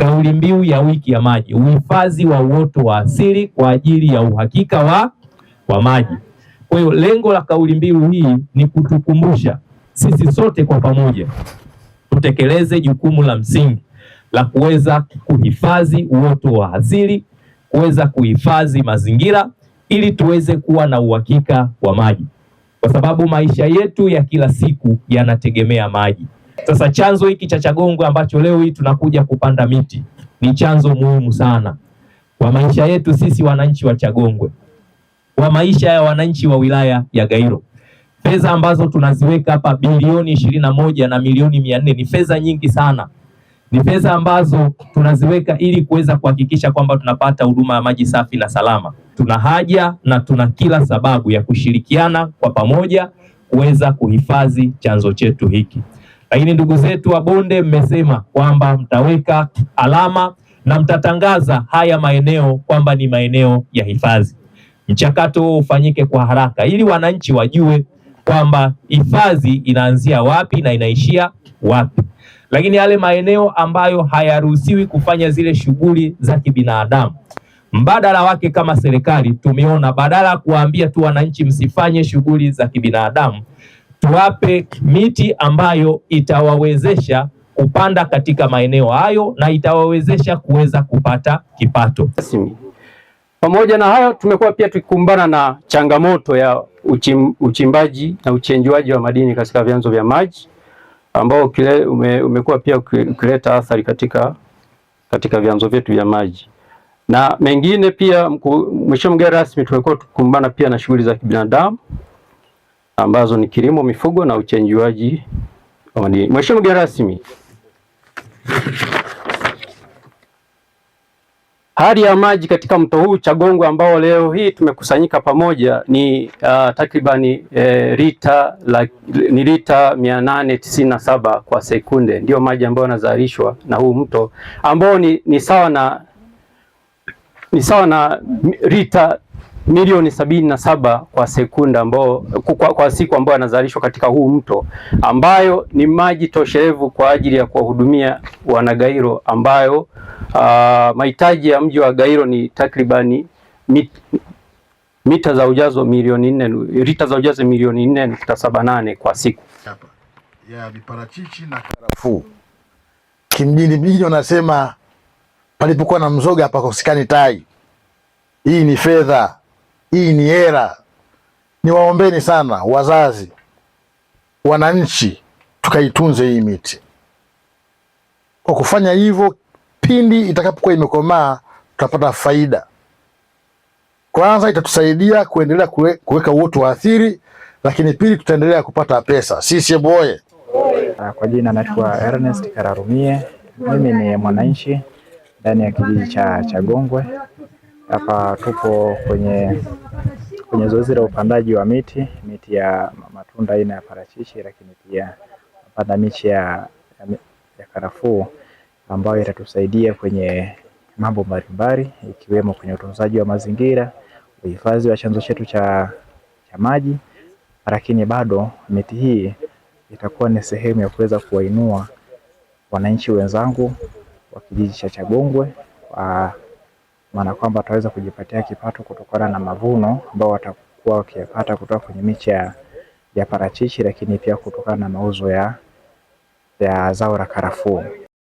kauli mbiu ya wiki ya maji, uhifadhi wa uoto wa asili kwa ajili ya uhakika wa, wa maji. Kwa hiyo lengo la kauli mbiu hii ni kutukumbusha sisi sote kwa pamoja tutekeleze jukumu la msingi la kuweza kuhifadhi uoto wa asili, kuweza kuhifadhi mazingira ili tuweze kuwa na uhakika wa maji, kwa sababu maisha yetu ya kila siku yanategemea maji. Sasa chanzo hiki cha Chagongwe ambacho leo hii tunakuja kupanda miti ni chanzo muhimu sana kwa maisha yetu sisi wananchi wa Chagongwe, kwa maisha ya wananchi wa wilaya ya Gairo. Fedha ambazo tunaziweka hapa bilioni ishirini na moja na milioni mia nne ni fedha nyingi sana, ni fedha ambazo tunaziweka ili kuweza kuhakikisha kwamba tunapata huduma ya maji safi na salama. Tuna haja na tuna kila sababu ya kushirikiana kwa pamoja kuweza kuhifadhi chanzo chetu hiki. Lakini ndugu zetu wa Bonde, mmesema kwamba mtaweka alama na mtatangaza haya maeneo kwamba ni maeneo ya hifadhi. Mchakato huo ufanyike kwa haraka ili wananchi wajue kwamba hifadhi inaanzia wapi na inaishia wapi. Lakini yale maeneo ambayo hayaruhusiwi kufanya zile shughuli za kibinadamu, mbadala wake kama serikali tumeona, badala ya kuwaambia tu wananchi msifanye shughuli za kibinadamu tuwape miti ambayo itawawezesha kupanda katika maeneo hayo na itawawezesha kuweza kupata kipato. Pamoja na hayo, tumekuwa pia tukikumbana na changamoto ya uchim, uchimbaji na uchenjuaji wa madini katika vyanzo vya maji ambao kile ume, umekuwa pia ukileta athari katika, katika vyanzo vyetu vya maji na mengine pia. Mheshimiwa mgeni rasmi, tumekuwa tukikumbana pia na shughuli za kibinadamu ambazo ni kilimo, mifugo na uchenjuaji wa madini. Mheshimiwa mgeni rasmi, hali ya maji katika mto huu Chagongwe ambao leo hii tumekusanyika pamoja ni uh, takribani eh, lita ni lita 897 kwa sekunde, ndio maji ambayo yanazalishwa na huu mto ambao ni, ni sawa na ni sawa na lita milioni sabini na saba kwa sekunda ambao kwa, kwa siku ambayo yanazalishwa katika huu mto ambayo ni maji toshelevu kwa ajili ya kuwahudumia wanagairo ambayo uh, mahitaji ya mji wa Gairo ni takribani mit, mita za ujazo milioni nne lita za ujazo milioni nne nukta saba nane kwa siku ya viparachichi na karafuu. Kimjini mjini wanasema palipokuwa na mzoga hapakosekani tai. Hii ni fedha hii ni hela. Niwaombeni sana wazazi, wananchi, tukaitunze hii miti. Kwa kufanya hivyo, pindi itakapokuwa imekomaa tutapata faida. Kwanza itatusaidia kuendelea kuweka uoto wa athiri, lakini pili tutaendelea kupata pesa. Sisi oye! Ah, kwa jina naitwa Ernest Kararumie, mimi ni mwananchi ndani ya kijiji cha Chagongwe. Hapa tupo kwenye kwenye zoezi la upandaji wa miti miti ya matunda aina ya parachichi, lakini pia panda miche ya, ya karafuu ambayo itatusaidia kwenye mambo mbalimbali ikiwemo kwenye utunzaji wa mazingira, uhifadhi wa chanzo chetu cha, cha maji, lakini bado miti hii itakuwa ni sehemu ya kuweza kuwainua wananchi wenzangu wa kijiji cha Chagongwe wa maana kwamba wataweza kujipatia kipato kutokana na mavuno ambao watakuwa wakiyapata kutoka kwenye miche ya, ya parachichi, lakini pia kutokana na mauzo ya, ya zao la karafuu.